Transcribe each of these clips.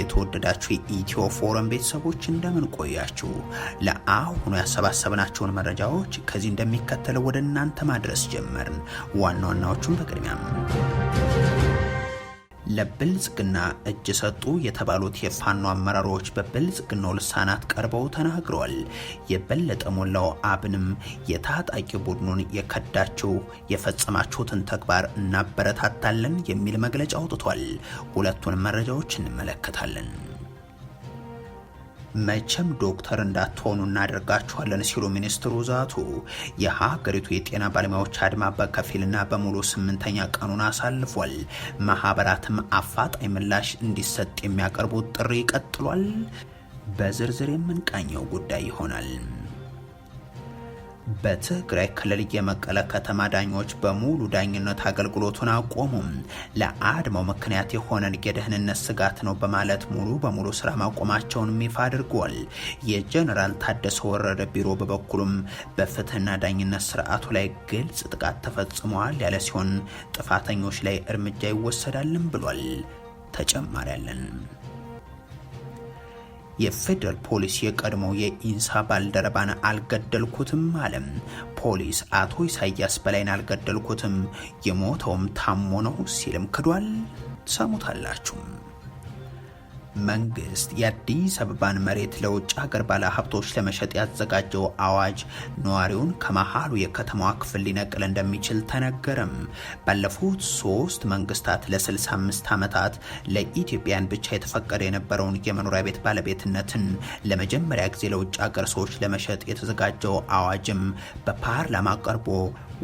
የተወደዳችሁ የኢትዮ ፎረም ቤተሰቦች እንደምን ቆያችሁ? ለአሁኑ ያሰባሰብናቸውን መረጃዎች ከዚህ እንደሚከተለው ወደ እናንተ ማድረስ ጀመርን። ዋና ዋናዎቹን በቅድሚያ ለብልጽግና እጅ ሰጡ የተባሉት የፋኖ አመራሮች በብልጽግናው ልሳናት ቀርበው ተናግረዋል። የበለጠ ሞላው አብንም የታጣቂ ቡድኑን የከዳችው የፈጸማችሁትን ተግባር እናበረታታለን የሚል መግለጫ አውጥቷል። ሁለቱን መረጃዎች እንመለከታለን። መቼም ዶክተር እንዳትሆኑ እናደርጋችኋለን ሲሉ ሚኒስትሩ ዛቱ። የሀገሪቱ የጤና ባለሙያዎች አድማ በከፊልና በሙሉ ስምንተኛ ቀኑን አሳልፏል። ማህበራትም አፋጣኝ ምላሽ እንዲሰጥ የሚያቀርቡት ጥሪ ቀጥሏል። በዝርዝር የምንቃኘው ጉዳይ ይሆናል። በትግራይ ክልል የመቀለ ከተማ ዳኞች በሙሉ ዳኝነት አገልግሎቱን አቆሙም። ለአድማው ምክንያት የሆነን የደህንነት ስጋት ነው በማለት ሙሉ በሙሉ ስራ ማቆማቸውን ይፋ አድርጓል። የጀኔራል ታደሰ ወረደ ቢሮ በበኩሉም በፍትህና ዳኝነት ስርዓቱ ላይ ግልጽ ጥቃት ተፈጽሟል ያለ ሲሆን ጥፋተኞች ላይ እርምጃ ይወሰዳልም ብሏል። ተጨማሪ ያለን የፌዴራል ፖሊስ የቀድሞው የኢንሳ ባልደረባን አልገደልኩትም አለም። ፖሊስ አቶ ኢሳያስ በላይን አልገደልኩትም የሞተውም ታሞ ነው ሲልም ክዷል። ሰሙታላችሁም። መንግስት የአዲስ አበባን መሬት ለውጭ ሀገር ባለ ሀብቶች ለመሸጥ ያዘጋጀው አዋጅ ነዋሪውን ከመሀሉ የከተማዋ ክፍል ሊነቅል እንደሚችል ተነገረም። ባለፉት ሶስት መንግስታት ለ65 ዓመታት ለኢትዮጵያን ብቻ የተፈቀደ የነበረውን የመኖሪያ ቤት ባለቤትነትን ለመጀመሪያ ጊዜ ለውጭ ሀገር ሰዎች ለመሸጥ የተዘጋጀው አዋጅም በፓርላማ ቀርቦ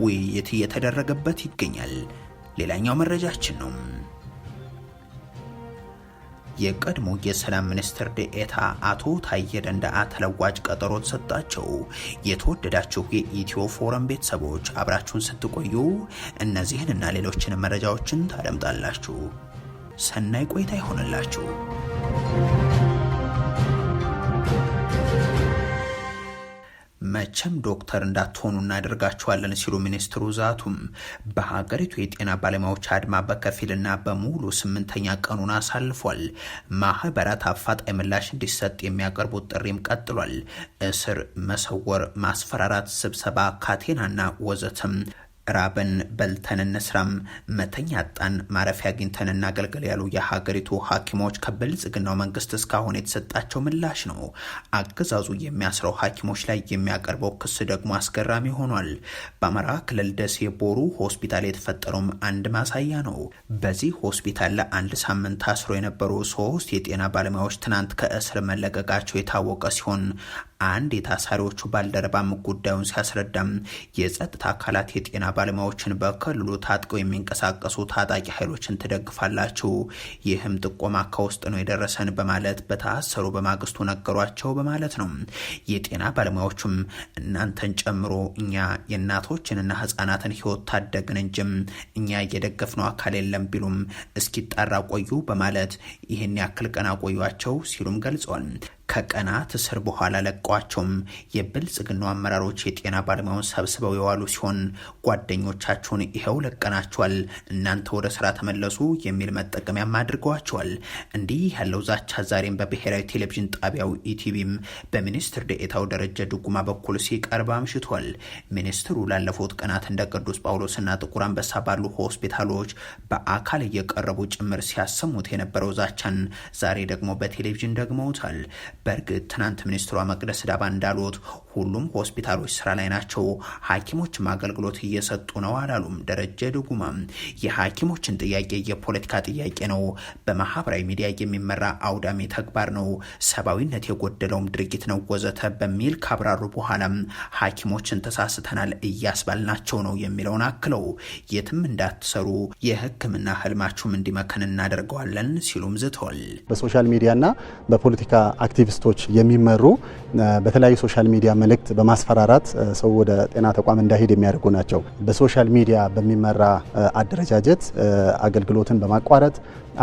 ውይይት እየተደረገበት ይገኛል። ሌላኛው መረጃችን ነው። የቀድሞ የሰላም ሚኒስትር ዴኤታ አቶ ታዬ ደንደዓ ተለዋጭ ቀጠሮ ተሰጣቸው። የተወደዳችሁ የኢትዮ ፎረም ቤተሰቦች አብራችሁን ስትቆዩ እነዚህን እና ሌሎችን መረጃዎችን ታደምጣላችሁ። ሰናይ ቆይታ ይሆንላችሁ። መቼም ዶክተር እንዳትሆኑ እናደርጋችኋለን ሲሉ ሚኒስትሩ ዛቱም። በሀገሪቱ የጤና ባለሙያዎች አድማ በከፊልና በሙሉ ስምንተኛ ቀኑን አሳልፏል። ማህበራት አፋጣኝ ምላሽ እንዲሰጥ የሚያቀርቡት ጥሪም ቀጥሏል። እስር፣ መሰወር፣ ማስፈራራት፣ ስብሰባ፣ ካቴናና ወዘትም ራበን በልተን እንስራም መተኛ አጣን ማረፊያ አግኝተን እናገልግል ያሉ የሀገሪቱ ሐኪሞች ከብልጽግናው መንግስት እስካሁን የተሰጣቸው ምላሽ ነው። አገዛዙ የሚያስረው ሐኪሞች ላይ የሚያቀርበው ክስ ደግሞ አስገራሚ ሆኗል። በአማራ ክልል ደሴ ቦሩ ሆስፒታል የተፈጠረውም አንድ ማሳያ ነው። በዚህ ሆስፒታል ለአንድ ሳምንት ታስሮ የነበሩ ሶስት የጤና ባለሙያዎች ትናንት ከእስር መለቀቃቸው የታወቀ ሲሆን አንድ የታሳሪዎቹ ባልደረባም ጉዳዩን ሲያስረዳም የጸጥታ አካላት የጤና ባለሙያዎችን በክልሉ ታጥቀው የሚንቀሳቀሱ ታጣቂ ኃይሎችን ትደግፋላችሁ፣ ይህም ጥቆማ ከውስጥ ነው የደረሰን በማለት በታሰሩ በማግስቱ ነገሯቸው በማለት ነው። የጤና ባለሙያዎቹም እናንተን ጨምሮ እኛ የእናቶችንና ህጻናትን ህይወት ታደግን እንጂም እኛ እየደገፍነው አካል የለም ቢሉም እስኪጣራ ቆዩ በማለት ይህን ያክል ቀን አቆዩቸው ሲሉም ገልጿል። ከቀናት እስር በኋላ ለቀዋቸውም የብልጽግናው አመራሮች የጤና ባለሙያውን ሰብስበው የዋሉ ሲሆን ጓደኞቻቸውን ይኸው ለቀናቸዋል፣ እናንተ ወደ ስራ ተመለሱ የሚል መጠቀሚያም አድርገዋቸዋል። እንዲህ ያለው ዛቻ ዛሬም በብሔራዊ ቴሌቪዥን ጣቢያው ኢቲቪም በሚኒስትር ደኤታው ደረጀ ድጉማ በኩል ሲቀርብ አምሽቷል። ሚኒስትሩ ላለፉት ቀናት እንደ ቅዱስ ጳውሎስና ጥቁር አንበሳ ባሉ ሆስፒታሎች በአካል እየቀረቡ ጭምር ሲያሰሙት የነበረው ዛቻን ዛሬ ደግሞ በቴሌቪዥን ደግመውታል። በእርግጥ ትናንት ሚኒስትሯ መቅደስ ዳባ እንዳሉት ሁሉም ሆስፒታሎች ስራ ላይ ናቸው፣ ሐኪሞችም አገልግሎት እየሰጡ ነው አላሉም። ደረጀ ድጉማ የሐኪሞችን ጥያቄ የፖለቲካ ጥያቄ ነው፣ በማህበራዊ ሚዲያ የሚመራ አውዳሚ ተግባር ነው፣ ሰብአዊነት የጎደለውም ድርጊት ነው ወዘተ በሚል ካብራሩ በኋላም ሐኪሞችን ተሳስተናል እያስባልናቸው ነው የሚለውን አክለው የትም እንዳትሰሩ የህክምና ህልማችሁም እንዲመከን እናደርገዋለን ሲሉም ዝተዋል። በሶሻል ሚዲያና በፖለቲካ አክቲቪስት ሳይንቲስቶች የሚመሩ በተለያዩ ሶሻል ሚዲያ መልእክት በማስፈራራት ሰው ወደ ጤና ተቋም እንዳይሄድ የሚያደርጉ ናቸው። በሶሻል ሚዲያ በሚመራ አደረጃጀት አገልግሎትን በማቋረጥ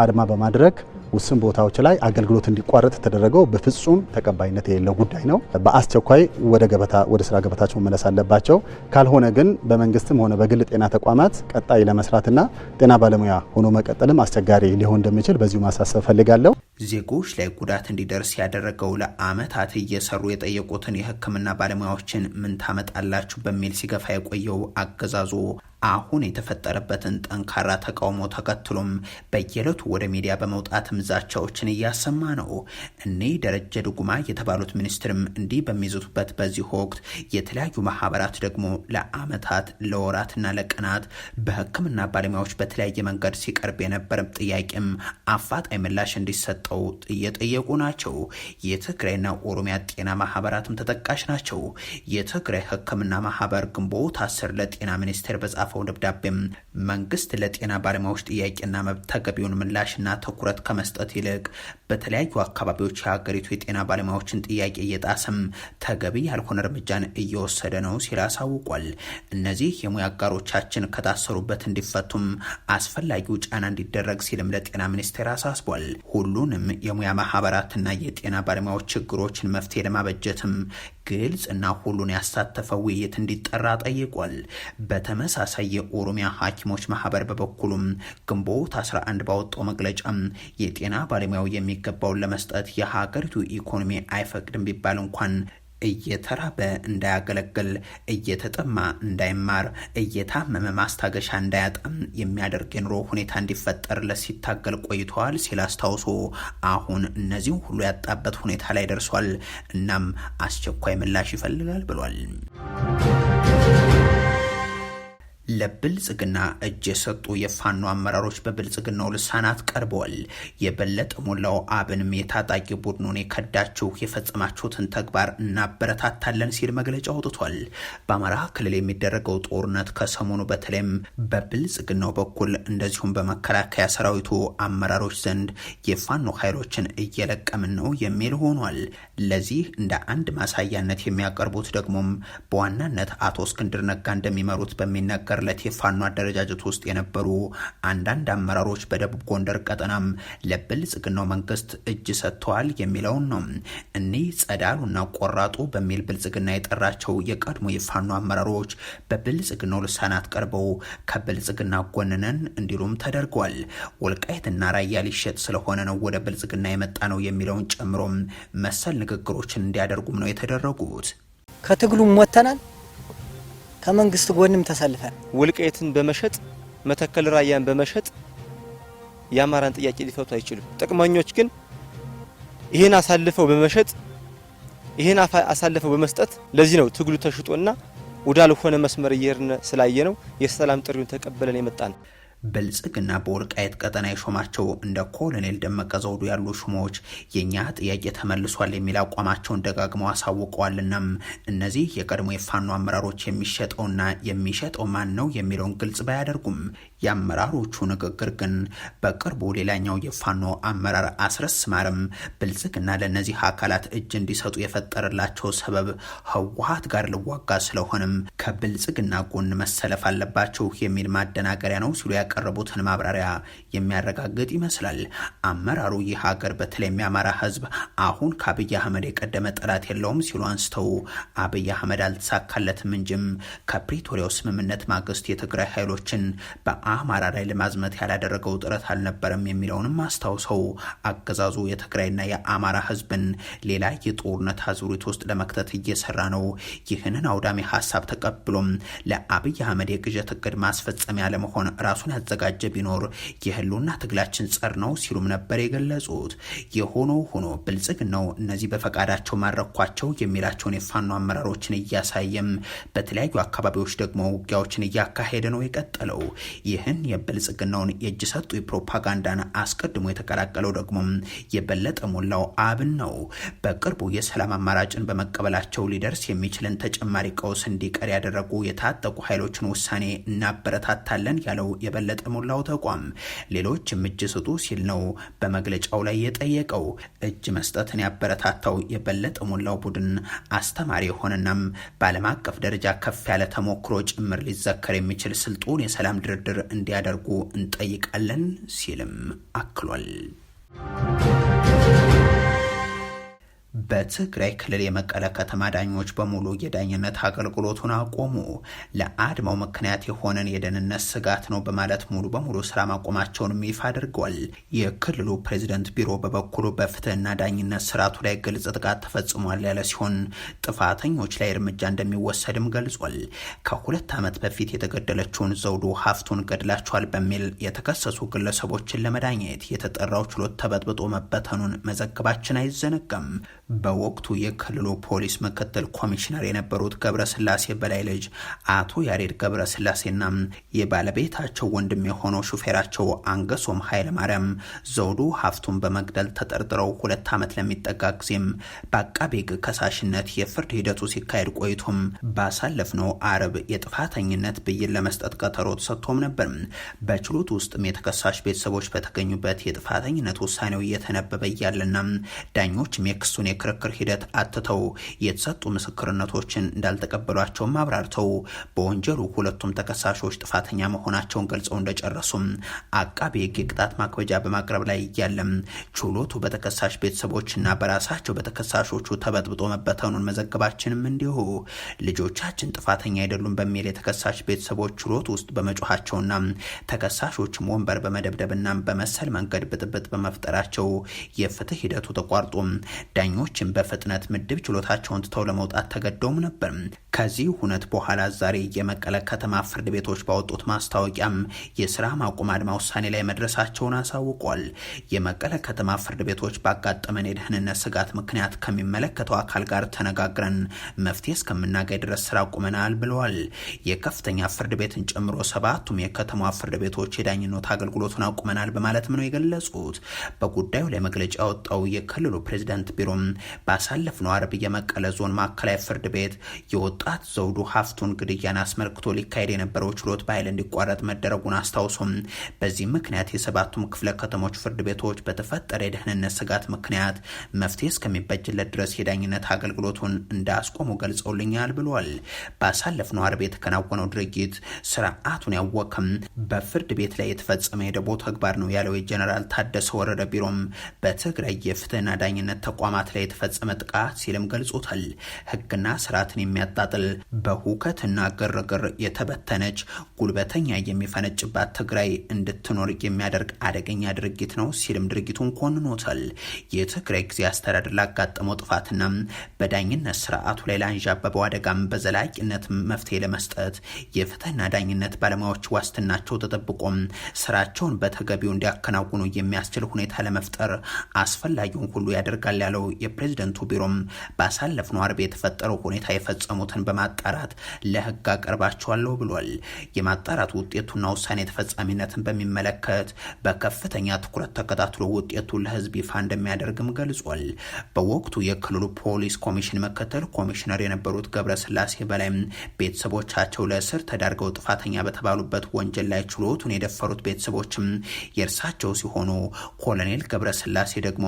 አድማ በማድረግ ውስን ቦታዎች ላይ አገልግሎት እንዲቋረጥ የተደረገው በፍጹም ተቀባይነት የሌለው ጉዳይ ነው። በአስቸኳይ ወደ ገበታ ወደ ስራ ገበታቸው መመለስ አለባቸው። ካልሆነ ግን በመንግስትም ሆነ በግል ጤና ተቋማት ቀጣይ ለመስራትና ጤና ባለሙያ ሆኖ መቀጠልም አስቸጋሪ ሊሆን እንደሚችል በዚሁ ማሳሰብ ፈልጋለሁ። ዜጎች ላይ ጉዳት እንዲደርስ ያደረገው ለአመታት እየሰሩ የጠየቁትን የህክምና ባለሙያዎችን ምን ታመጣላችሁ በሚል ሲገፋ የቆየው አገዛዞ አሁን የተፈጠረበትን ጠንካራ ተቃውሞ ተከትሎም በየዕለቱ ወደ ሚዲያ በመውጣት ምዛቻዎችን እያሰማ ነው። እኔ ደረጀ ድጉማ የተባሉት ሚኒስትርም እንዲህ በሚዘቱበት በዚህ ወቅት የተለያዩ ማህበራት ደግሞ ለአመታት ለወራትና ለቀናት በሕክምና ባለሙያዎች በተለያየ መንገድ ሲቀርብ የነበረ ጥያቄም አፋጣኝ ምላሽ እንዲሰጠው እየጠየቁ ናቸው። የትግራይና ኦሮሚያ ጤና ማህበራትም ተጠቃሽ ናቸው። የትግራይ ሕክምና ማህበር ግንቦት አስር ለጤና ሚኒስቴር በጻፈ በጻፈው ደብዳቤም መንግስት ለጤና ባለሙያዎች ጥያቄና መብት ተገቢውን ምላሽና ትኩረት ከመስጠት ይልቅ በተለያዩ አካባቢዎች የሀገሪቱ የጤና ባለሙያዎችን ጥያቄ እየጣሰም ተገቢ ያልሆነ እርምጃን እየወሰደ ነው ሲል አሳውቋል። እነዚህ የሙያ አጋሮቻችን ከታሰሩበት እንዲፈቱም አስፈላጊው ጫና እንዲደረግ ሲልም ለጤና ሚኒስቴር አሳስቧል። ሁሉንም የሙያ ማህበራትና የጤና ባለሙያዎች ችግሮችን መፍትሄ ለማበጀትም ግልጽ እና ሁሉን ያሳተፈ ውይይት እንዲጠራ ጠይቋል። በተመሳሳይ የኦሮሚያ ሐኪሞች ማህበር በበኩሉም ግንቦት 11 ባወጣው መግለጫ የጤና ባለሙያው የሚገባውን ለመስጠት የሀገሪቱ ኢኮኖሚ አይፈቅድም ቢባል እንኳን እየተራበ እንዳያገለግል፣ እየተጠማ እንዳይማር፣ እየታመመ ማስታገሻ እንዳያጣም የሚያደርግ የኑሮ ሁኔታ እንዲፈጠርለት ሲታገል ቆይተዋል ሲል አስታውሶ አሁን እነዚህም ሁሉ ያጣበት ሁኔታ ላይ ደርሷል። እናም አስቸኳይ ምላሽ ይፈልጋል ብሏል። ለብልጽግና እጅ የሰጡ የፋኖ አመራሮች በብልጽግናው ልሳናት ቀርበዋል። የበለጠ ሞላው አብንም የታጣቂ ቡድኑን የከዳችሁ የፈጸማችሁትን ተግባር እናበረታታለን ሲል መግለጫ አውጥቷል። በአማራ ክልል የሚደረገው ጦርነት ከሰሞኑ በተለይም በብልጽግናው በኩል እንደዚሁም በመከላከያ ሰራዊቱ አመራሮች ዘንድ የፋኖ ኃይሎችን እየለቀምን ነው የሚል ሆኗል። ለዚህ እንደ አንድ ማሳያነት የሚያቀርቡት ደግሞም በዋናነት አቶ እስክንድር ነጋ እንደሚመሩት በሚነገር በቀርለት የፋኖ አደረጃጀት ውስጥ የነበሩ አንዳንድ አመራሮች በደቡብ ጎንደር ቀጠናም ለብልጽግናው መንግስት እጅ ሰጥተዋል የሚለውን ነው። እኒህ ጸዳሉና ቆራጡ በሚል ብልጽግና የጠራቸው የቀድሞ የፋኖ አመራሮች በብልጽግናው ልሳናት ቀርበው ከብልጽግና ጎንነን እንዲሉም ተደርጓል። ወልቃይትና ራያ ሊሸጥ ስለሆነ ነው ወደ ብልጽግና የመጣ ነው የሚለውን ጨምሮም መሰል ንግግሮችን እንዲያደርጉም ነው የተደረጉት። ከትግሉም ወጥተናል ከመንግስት ጎንም ተሰልፈን ውልቃይትን በመሸጥ መተከል ራያን በመሸጥ የአማራን ጥያቄ ሊፈቱ አይችሉም። ጥቅመኞች ግን ይህን አሳልፈው በመሸጥ ይህን አሳልፈው በመስጠት ለዚህ ነው ትግሉ ተሽጦና ወዳልሆነ መስመር እየሄድን ስላየ ነው የሰላም ጥሪውን ተቀበለን የመጣ ነው። ብልጽግና በወልቃየት ቀጠና የሾማቸው እንደ ኮሎኔል ደመቀ ዘውዱ ያሉ ሹሞች የእኛ ጥያቄ ተመልሷል የሚል አቋማቸውን ደጋግመው አሳውቀዋልናም እነዚህ የቀድሞ የፋኖ አመራሮች የሚሸጠውና የሚሸጠው ማን ነው የሚለውን ግልጽ ባያደርጉም የአመራሮቹ ንግግር ግን በቅርቡ ሌላኛው የፋኖ አመራር አስረስ ማረም ብልጽግና ለእነዚህ አካላት እጅ እንዲሰጡ የፈጠረላቸው ሰበብ ህወሀት ጋር ልዋጋ ስለሆነም ከብልጽግና ጎን መሰለፍ አለባቸው የሚል ማደናገሪያ ነው ሲሉ ያቀረቡትን ማብራሪያ የሚያረጋግጥ ይመስላል። አመራሩ ይህ ሀገር በተለይም የአማራ ህዝብ አሁን ከአብይ አህመድ የቀደመ ጠላት የለውም ሲሉ አንስተው አብይ አህመድ አልተሳካለትም እንጂም ከፕሪቶሪያው ስምምነት ማግስት የትግራይ ኃይሎችን በአ አማራ ላይ ለማዝመት ያላደረገው ጥረት አልነበረም የሚለውንም አስታውሰው አገዛዙ የትግራይና የአማራ ህዝብን ሌላ የጦርነት አዙሪት ውስጥ ለመክተት እየሰራ ነው። ይህንን አውዳሚ ሀሳብ ተቀብሎም ለአብይ አህመድ የግዠት እቅድ ማስፈጸሚያ ለመሆን ራሱን ያዘጋጀ ቢኖር የህልውና ትግላችን ጸር ነው ሲሉም ነበር የገለጹት። የሆኖ ሆኖ ብልጽግናው እነዚህ በፈቃዳቸው ማረኳቸው የሚላቸውን የፋኖ አመራሮችን እያሳየም በተለያዩ አካባቢዎች ደግሞ ውጊያዎችን እያካሄደ ነው የቀጠለው። ይህን የብልጽግናውን የእጅ ሰጡ ፕሮፓጋንዳን አስቀድሞ የተቀላቀለው ደግሞ የበለጠ ሞላው አብን ነው። በቅርቡ የሰላም አማራጭን በመቀበላቸው ሊደርስ የሚችልን ተጨማሪ ቀውስ እንዲቀር ያደረጉ የታጠቁ ኃይሎችን ውሳኔ እናበረታታለን ያለው የበለጠ ሞላው ተቋም ሌሎችም እጅ ስጡ ሲል ነው በመግለጫው ላይ የጠየቀው። እጅ መስጠትን ያበረታታው የበለጠ ሞላው ቡድን አስተማሪ የሆነናም በዓለም አቀፍ ደረጃ ከፍ ያለ ተሞክሮ ጭምር ሊዘከር የሚችል ስልጡን የሰላም ድርድር እንዲያደርጉ እንጠይቃለን ሲልም አክሏል። በትግራይ ክልል የመቀለ ከተማ ዳኞች በሙሉ የዳኝነት አገልግሎቱን አቆሙ። ለአድማው ምክንያት የሆነን የደህንነት ስጋት ነው በማለት ሙሉ በሙሉ ስራ ማቆማቸውንም ይፋ አድርገዋል። የክልሉ ፕሬዚደንት ቢሮ በበኩሉ በፍትህና ዳኝነት ስርዓቱ ላይ ግልጽ ጥቃት ተፈጽሟል ያለ ሲሆን ጥፋተኞች ላይ እርምጃ እንደሚወሰድም ገልጿል። ከሁለት ዓመት በፊት የተገደለችውን ዘውዱ ሀፍቱን ገድላቸዋል በሚል የተከሰሱ ግለሰቦችን ለመዳኘት የተጠራው ችሎት ተበጥብጦ መበተኑን መዘገባችን አይዘነጋም። በወቅቱ የክልሉ ፖሊስ ምክትል ኮሚሽነር የነበሩት ገብረስላሴ በላይ ልጅ አቶ ያሬድ ገብረስላሴና የባለቤታቸው ወንድም የሆነው ሹፌራቸው አንገሶም ኃይለማርያም ዘውዱ ሀፍቱን በመግደል ተጠርጥረው ሁለት ዓመት ለሚጠጋ ጊዜም በአቃቤ ሕግ ከሳሽነት የፍርድ ሂደቱ ሲካሄድ ቆይቶም ባሳለፍነው አርብ የጥፋተኝነት ብይን ለመስጠት ቀጠሮ ተሰጥቶም ነበር። በችሎት ውስጥም የተከሳሽ ቤተሰቦች በተገኙበት የጥፋተኝነት ውሳኔው እየተነበበ እያለና ዳኞችም የክሱን የክርክር ሂደት አትተው የተሰጡ ምስክርነቶችን እንዳልተቀበሏቸውም አብራርተው በወንጀሉ ሁለቱም ተከሳሾች ጥፋተኛ መሆናቸውን ገልጸው እንደጨረሱም አቃቤ ሕግ የቅጣት ማክበጃ በማቅረብ ላይ እያለም ችሎቱ በተከሳሽ ቤተሰቦችና በራሳቸው በተከሳሾቹ ተበጥብጦ መበተኑን መዘገባችንም እንዲሁ ልጆቻችን ጥፋተኛ አይደሉም በሚል የተከሳሽ ቤተሰቦች ችሎት ውስጥ በመጮኋቸውና ተከሳሾችም ወንበር በመደብደብና በመሰል መንገድ ብጥብጥ በመፍጠራቸው የፍትህ ሂደቱ ተቋርጦ ዳኞ ዳኞችን በፍጥነት ምድብ ችሎታቸውን ትተው ለመውጣት ተገደውም ነበር። ከዚህ ሁነት በኋላ ዛሬ የመቀለ ከተማ ፍርድ ቤቶች ባወጡት ማስታወቂያም የስራ ማቆም አድማ ውሳኔ ላይ መድረሳቸውን አሳውቋል። የመቀለ ከተማ ፍርድ ቤቶች ባጋጠመን የደህንነት ስጋት ምክንያት ከሚመለከተው አካል ጋር ተነጋግረን መፍትሄ እስከምናገኝ ድረስ ስራ አቁመናል ብለዋል። የከፍተኛ ፍርድ ቤትን ጨምሮ ሰባቱም የከተማ ፍርድ ቤቶች የዳኝነት አገልግሎቱን አቁመናል በማለትም ነው የገለጹት። በጉዳዩ ላይ መግለጫ ያወጣው የክልሉ ፕሬዚዳንት ቢሮም ባሳለፍነው አርብ የመቀለ ዞን ማዕከላዊ ፍርድ ቤት የወጣት ዘውዱ ሀፍቱን ግድያን አስመልክቶ ሊካሄድ የነበረው ችሎት በኃይል እንዲቋረጥ መደረጉን አስታውሶም በዚህ ምክንያት የሰባቱም ክፍለ ከተሞች ፍርድ ቤቶች በተፈጠረ የደህንነት ስጋት ምክንያት መፍትሄ እስከሚበጅለት ድረስ የዳኝነት አገልግሎቱን እንዳስቆሙ ገልጸውልኛል ብሏል። ባሳለፍነው አርብ የተከናወነው ድርጊት ስርዓቱን ያወክም በፍርድ ቤት ላይ የተፈጸመ የደቦ ተግባር ነው ያለው የጀነራል ታደሰ ወረደ ቢሮም በትግራይ የፍትህና ዳኝነት ተቋማት ላይ የተፈጸመ ጥቃት ሲልም ገልጾታል። ህግና ስርዓትን የሚያጣጥል በሁከትና ግርግር የተበተነች ጉልበተኛ የሚፈነጭባት ትግራይ እንድትኖር የሚያደርግ አደገኛ ድርጊት ነው ሲልም ድርጊቱን ኮንኖታል። የትግራይ ጊዜ አስተዳደር ላጋጠመው ጥፋትና በዳኝነት ስርዓቱ ላይ ላንዣበበው አደጋም በዘላቂነት መፍትሄ ለመስጠት የፍትህና ዳኝነት ባለሙያዎች ዋስትናቸው ተጠብቆም ስራቸውን በተገቢው እንዲያከናውኑ የሚያስችል ሁኔታ ለመፍጠር አስፈላጊውን ሁሉ ያደርጋል ያለው የፕሬዝደንቱ ቢሮም ባሳለፍነው አርብ የተፈጠረው ሁኔታ የፈጸሙትን በማጣራት ለህግ አቀርባቸዋለሁ ብሏል። የማጣራት ውጤቱና ውሳኔ ተፈጻሚነትን በሚመለከት በከፍተኛ ትኩረት ተከታትሎ ውጤቱ ለህዝብ ይፋ እንደሚያደርግም ገልጿል። በወቅቱ የክልሉ ፖሊስ ኮሚሽን ምክትል ኮሚሽነር የነበሩት ገብረስላሴ በላይ ቤተሰቦቻቸው ለእስር ተዳርገው ጥፋተኛ በተባሉበት ወንጀል ላይ ችሎቱን የደፈሩት ቤተሰቦችም የእርሳቸው ሲሆኑ ኮሎኔል ገብረስላሴ ደግሞ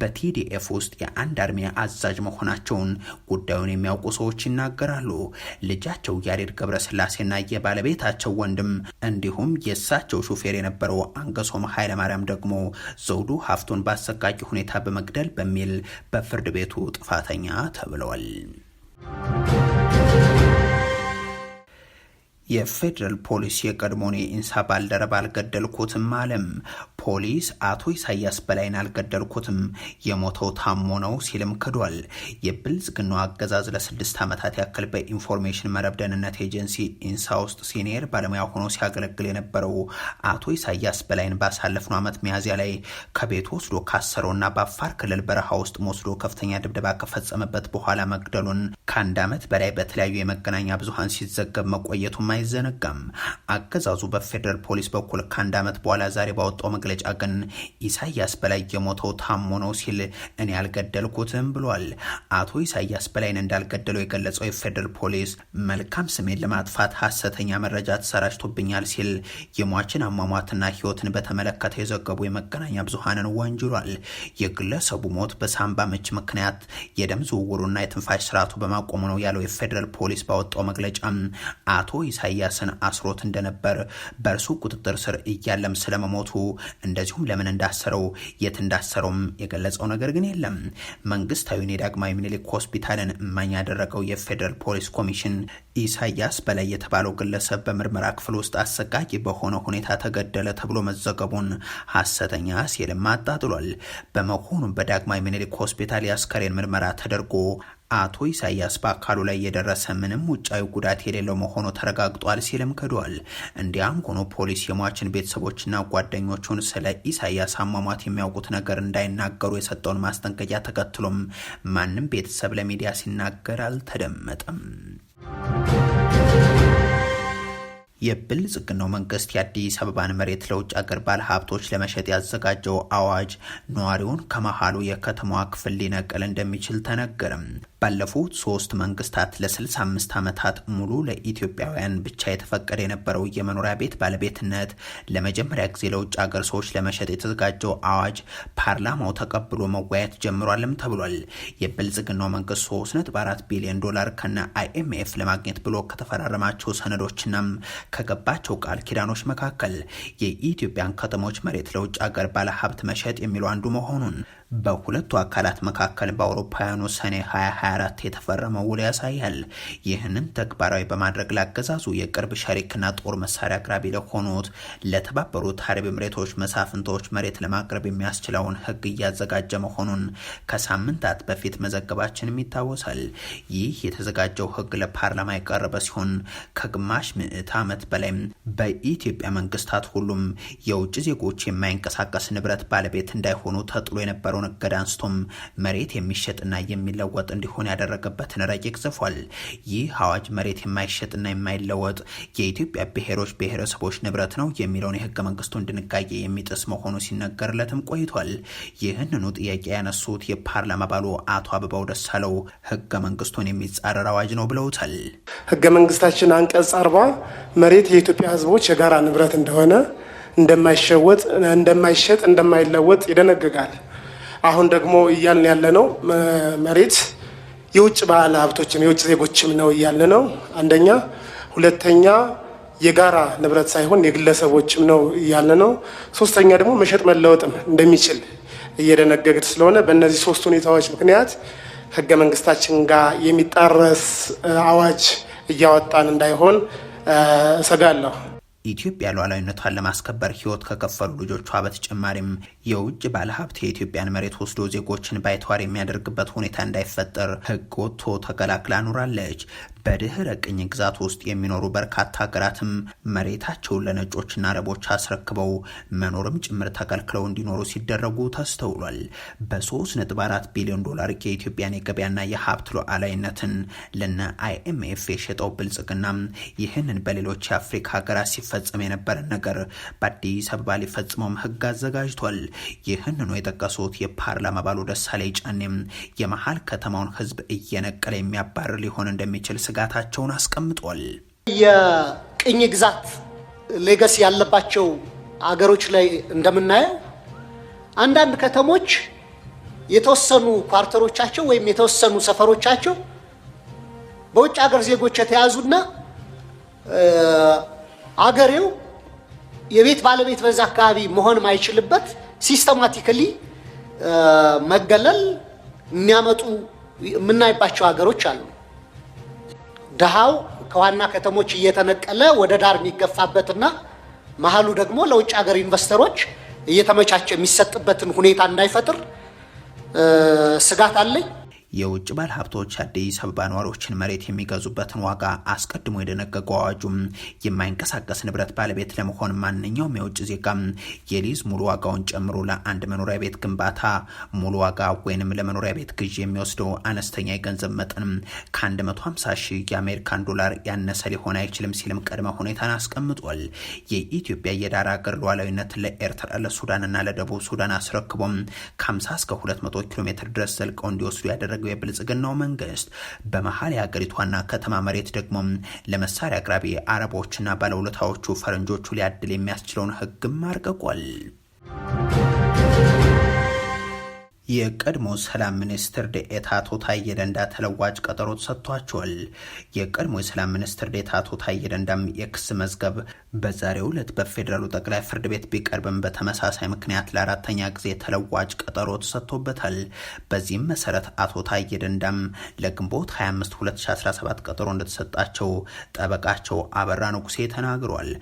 በቲዲኤፍ ውስጥ የአንድ አርሜ አዛዥ መሆናቸውን ጉዳዩን የሚያውቁ ሰዎች ይናገራሉ። ልጃቸው ያሬድ ገብረስላሴና የባለቤታቸው ወንድም እንዲሁም የእሳቸው ሹፌር የነበረው አንገሶም ኃይለማርያም ደግሞ ዘውዱ ሀፍቱን በአሰቃቂ ሁኔታ በመግደል በሚል በፍርድ ቤቱ ጥፋተኛ ተብለዋል። የፌዴራል ፖሊስ የቀድሞውን የኢንሳ ባልደረባ አልገደልኩትም አለም። ፖሊስ አቶ ኢሳያስ በላይን አልገደልኩትም የሞተው ታሞ ነው ሲልም ክዷል። የብልጽግናው አገዛዝ ለስድስት ዓመታት ያክል በኢንፎርሜሽን መረብ ደህንነት ኤጀንሲ ኢንሳ ውስጥ ሲኒየር ባለሙያ ሆኖ ሲያገለግል የነበረው አቶ ኢሳያስ በላይን ባሳለፍነው ዓመት ሚያዝያ ላይ ከቤቱ ወስዶ ካሰረውና በአፋር ክልል በረሃ ውስጥ ወስዶ ከፍተኛ ድብደባ ከፈጸመበት በኋላ መግደሉን ከአንድ ዓመት በላይ በተለያዩ የመገናኛ ብዙሀን ሲዘገብ መቆየቱ አይዘነጋም። አገዛዙ በፌዴራል ፖሊስ በኩል ከአንድ ዓመት በኋላ ዛሬ ባወጣው መግለጫ ግን ኢሳያስ በላይ የሞተው ታሞ ነው ሲል እኔ አልገደልኩትም ብሏል። አቶ ኢሳያስ በላይን እንዳልገደለው የገለጸው የፌዴራል ፖሊስ መልካም ስሜን ለማጥፋት ሐሰተኛ መረጃ ተሰራጭቶብኛል ሲል የሟችን አሟሟትና ሕይወትን በተመለከተ የዘገቡ የመገናኛ ብዙሃንን ወንጅሏል። የግለሰቡ ሞት በሳምባ ምች ምክንያት የደም ዝውውሩና የትንፋሽ ስርዓቱ በማቆሙ ነው ያለው የፌዴራል ፖሊስ ባወጣው መግለጫ አቶ ኢሳ ኢሳያስን አስሮት እንደነበር በእርሱ ቁጥጥር ስር እያለም ስለመሞቱ እንደዚሁም ለምን እንዳሰረው የት እንዳሰረውም የገለጸው ነገር ግን የለም። መንግስታዊውን የዳግማዊ ምኒልክ ሆስፒታልን እማኝ ያደረገው የፌዴራል ፖሊስ ኮሚሽን ኢሳያስ በላይ የተባለው ግለሰብ በምርመራ ክፍል ውስጥ አሰቃቂ በሆነ ሁኔታ ተገደለ ተብሎ መዘገቡን ሐሰተኛ ሲልም አጣጥሏል። በመሆኑም በዳግማዊ ምኒልክ ሆስፒታል የአስከሬን ምርመራ ተደርጎ አቶ ኢሳያስ በአካሉ ላይ የደረሰ ምንም ውጫዊ ጉዳት የሌለው መሆኑ ተረጋግጧል ሲልም ክዷል። እንዲያም ሆኖ ፖሊስ የሟችን ቤተሰቦችና ጓደኞቹን ስለ ኢሳያስ አሟሟት የሚያውቁት ነገር እንዳይናገሩ የሰጠውን ማስጠንቀቂያ ተከትሎም ማንም ቤተሰብ ለሚዲያ ሲናገር አልተደመጠም። የብልጽግናው መንግስት የአዲስ አበባን መሬት ለውጭ አገር ባለ ሀብቶች ለመሸጥ ያዘጋጀው አዋጅ ነዋሪውን ከመሀሉ የከተማዋ ክፍል ሊነቀል እንደሚችል ተነገረም። ባለፉት ሶስት መንግስታት ለ65 ዓመታት ሙሉ ለኢትዮጵያውያን ብቻ የተፈቀደ የነበረው የመኖሪያ ቤት ባለቤትነት ለመጀመሪያ ጊዜ ለውጭ ሀገር ሰዎች ለመሸጥ የተዘጋጀው አዋጅ ፓርላማው ተቀብሎ መወያየት ጀምሯልም ተብሏል። የብልጽግናው መንግስት 3.4 ቢሊዮን ዶላር ከነ አይኤምኤፍ ለማግኘት ብሎ ከተፈራረማቸው ሰነዶችናም ከገባቸው ቃል ኪዳኖች መካከል የኢትዮጵያን ከተሞች መሬት ለውጭ ሀገር ባለሀብት መሸጥ የሚለው አንዱ መሆኑን በሁለቱ አካላት መካከል በአውሮፓውያኑ ሰኔ 2024 የተፈረመ ውል ያሳያል። ይህንን ተግባራዊ በማድረግ ላገዛዙ የቅርብ ሸሪክና ጦር መሳሪያ አቅራቢ ለሆኑት ለተባበሩት አረብ ኤምሬቶች መሳፍንቶች መሬት ለማቅረብ የሚያስችለውን ሕግ እያዘጋጀ መሆኑን ከሳምንታት በፊት መዘገባችንም ይታወሳል። ይህ የተዘጋጀው ሕግ ለፓርላማ የቀረበ ሲሆን ከግማሽ ምዕት ዓመት በላይም በኢትዮጵያ መንግስታት ሁሉም የውጭ ዜጎች የማይንቀሳቀስ ንብረት ባለቤት እንዳይሆኑ ተጥሎ የነበረው የነበረውን እገዳ አንስቶም መሬት የሚሸጥና የሚለወጥ እንዲሆን ያደረገበትን ረቂቅ ጽፏል። ይህ አዋጅ መሬት የማይሸጥና የማይለወጥ የኢትዮጵያ ብሔሮች ብሔረሰቦች ንብረት ነው የሚለውን የህገ መንግስቱን ድንጋጌ የሚጥስ መሆኑ ሲነገርለትም ቆይቷል። ይህንኑ ጥያቄ ያነሱት የፓርላማ ባሉ አቶ አበባው ደሳለው ህገ መንግስቱን የሚጻረር አዋጅ ነው ብለውታል። ህገ መንግስታችን አንቀጽ አርባ መሬት የኢትዮጵያ ህዝቦች የጋራ ንብረት እንደሆነ እንደማይሸወጥ እንደማይሸጥ እንደማይለወጥ ይደነግጋል። አሁን ደግሞ እያልን ያለ ነው መሬት የውጭ ባለ ሀብቶችም የውጭ ዜጎችም ነው እያለ ነው አንደኛ። ሁለተኛ የጋራ ንብረት ሳይሆን የግለሰቦችም ነው እያለ ነው። ሶስተኛ ደግሞ መሸጥ መለወጥም እንደሚችል እየደነገገ ስለሆነ በእነዚህ ሶስት ሁኔታዎች ምክንያት ህገ መንግስታችን ጋር የሚጣረስ አዋጅ እያወጣን እንዳይሆን እሰጋለሁ። ኢትዮጵያ ሉዓላዊነቷን ለማስከበር ህይወት ከከፈሉ ልጆቿ በተጨማሪም የውጭ ባለሀብት የኢትዮጵያን መሬት ወስዶ ዜጎችን ባይተዋር የሚያደርግበት ሁኔታ እንዳይፈጠር ህግ ወጥቶ ተከላክላ ኑራለች። በድህረ ቅኝ ግዛት ውስጥ የሚኖሩ በርካታ ሀገራትም መሬታቸውን ለነጮችና አረቦች አስረክበው መኖርም ጭምር ተከልክለው እንዲኖሩ ሲደረጉ ተስተውሏል። በ3.4 ቢሊዮን ዶላር የኢትዮጵያን የገበያና የሀብት ሉዓላዊነትን ለነ አይኤምኤፍ የሸጠው ብልጽግና ይህንን በሌሎች የአፍሪካ ሀገራት ሲፈጸም የነበረን ነገር በአዲስ አበባ ሊፈጽመውም ህግ አዘጋጅቷል። ይህንኑ የጠቀሱት የፓርላማ አባሉ ደሳለኝ ጫኔም የመሀል ከተማውን ህዝብ እየነቀለ የሚያባርር ሊሆን እንደሚችል ስጋታቸውን አስቀምጧል። የቅኝ ግዛት ሌገስ ያለባቸው አገሮች ላይ እንደምናየው አንዳንድ ከተሞች የተወሰኑ ኳርተሮቻቸው ወይም የተወሰኑ ሰፈሮቻቸው በውጭ ሀገር ዜጎች የተያዙና አገሬው የቤት ባለቤት በዛ አካባቢ መሆን ማይችልበት ሲስተማቲካሊ መገለል የሚያመጡ የምናይባቸው ሀገሮች አሉ። ድሃው ከዋና ከተሞች እየተነቀለ ወደ ዳር የሚገፋበትና መሀሉ ደግሞ ለውጭ ሀገር ኢንቨስተሮች እየተመቻቸ የሚሰጥበትን ሁኔታ እንዳይፈጥር ስጋት አለኝ። የውጭ ባለሀብቶች አዲስ አበባ ነዋሪዎችን መሬት የሚገዙበትን ዋጋ አስቀድሞ የደነገገው አዋጁም የማይንቀሳቀስ ንብረት ባለቤት ለመሆን ማንኛውም የውጭ ዜጋ የሊዝ ሙሉ ዋጋውን ጨምሮ ለአንድ መኖሪያ ቤት ግንባታ ሙሉ ዋጋ ወይንም ለመኖሪያ ቤት ግዢ የሚወስደው አነስተኛ የገንዘብ መጠን ከ150 ሺህ የአሜሪካን ዶላር ያነሰ ሊሆን አይችልም ሲልም ቅድመ ሁኔታን አስቀምጧል። የኢትዮጵያ የዳር አገር ሉዓላዊነት ለኤርትራ፣ ለሱዳንና ለደቡብ ሱዳን አስረክቦም ከ50 እስከ 200 ኪሎ ሜትር ድረስ ዘልቀው እንዲወስዱ ያደረገ የሚፈልገው የብልጽግናው መንግስት በመሀል የሀገሪቱ ዋና ከተማ መሬት ደግሞ ለመሳሪያ አቅራቢ አረቦችና ባለውለታዎቹ ፈረንጆቹ ሊያድል የሚያስችለውን ህግም አርቅቋል። የቀድሞ ሰላም ሚኒስትር ዴኤታ አቶ ታዬ ደንዳ ተለዋጭ ቀጠሮ ተሰጥቷቸዋል። የቀድሞ የሰላም ሚኒስትር ዴኤታ አቶ ታዬ ደንዳም የክስ መዝገብ በዛሬው ዕለት በፌዴራሉ ጠቅላይ ፍርድ ቤት ቢቀርብም በተመሳሳይ ምክንያት ለአራተኛ ጊዜ ተለዋጭ ቀጠሮ ተሰጥቶበታል። በዚህም መሰረት አቶ ታዬ ደንዳም ለግንቦት 25 2017 ቀጠሮ እንደተሰጣቸው ጠበቃቸው አበራ ንጉሴ ተናግሯል።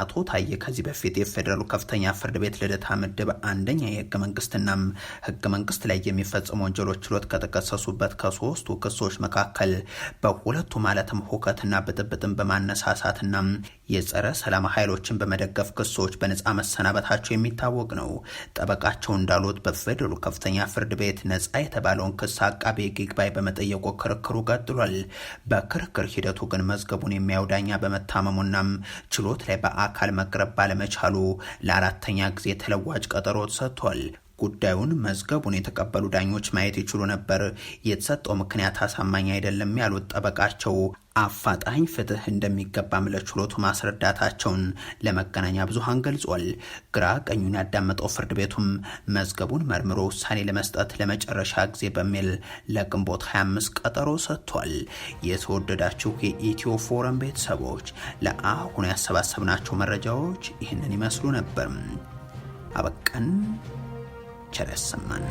አቶ ታዬ ከዚህ በፊት የፌዴራሉ ከፍተኛ ፍርድ ቤት ልደታ ምድብ አንደኛ የህገ መንግስትናም ህገ መንግስት መንግስት ላይ የሚፈጸሙ ወንጀሎች ችሎት ከተከሰሱበት ከሶስቱ ክሶች መካከል በሁለቱ ማለትም ሁከትና ብጥብጥን በማነሳሳትና የጸረ ሰላም ኃይሎችን በመደገፍ ክሶች በነፃ መሰናበታቸው የሚታወቅ ነው። ጠበቃቸው እንዳሉት በፌዴራሉ ከፍተኛ ፍርድ ቤት ነፃ የተባለውን ክስ አቃቤ ይግባኝ በመጠየቁ ክርክሩ ቀጥሏል። በክርክር ሂደቱ ግን መዝገቡን የሚያየው ዳኛ ችሎት ላይ በአካል መቅረብ ባለመቻሉ ለአራተኛ ጊዜ ተለዋጭ ቀጠሮ ተሰጥቷል። ጉዳዩን መዝገቡን የተቀበሉ ዳኞች ማየት ይችሉ ነበር። የተሰጠው ምክንያት አሳማኝ አይደለም ያሉት ጠበቃቸው አፋጣኝ ፍትህ እንደሚገባም ለችሎቱ ማስረዳታቸውን ለመገናኛ ብዙሃን ገልጿል። ግራ ቀኙን ያዳመጠው ፍርድ ቤቱም መዝገቡን መርምሮ ውሳኔ ለመስጠት ለመጨረሻ ጊዜ በሚል ለግንቦት 25 ቀጠሮ ሰጥቷል። የተወደዳችሁ የኢትዮ ፎረም ቤተሰቦች ለአሁኑ ያሰባሰብናቸው መረጃዎች ይህንን ይመስሉ ነበር። አበቃን። ቸር ያሰማን።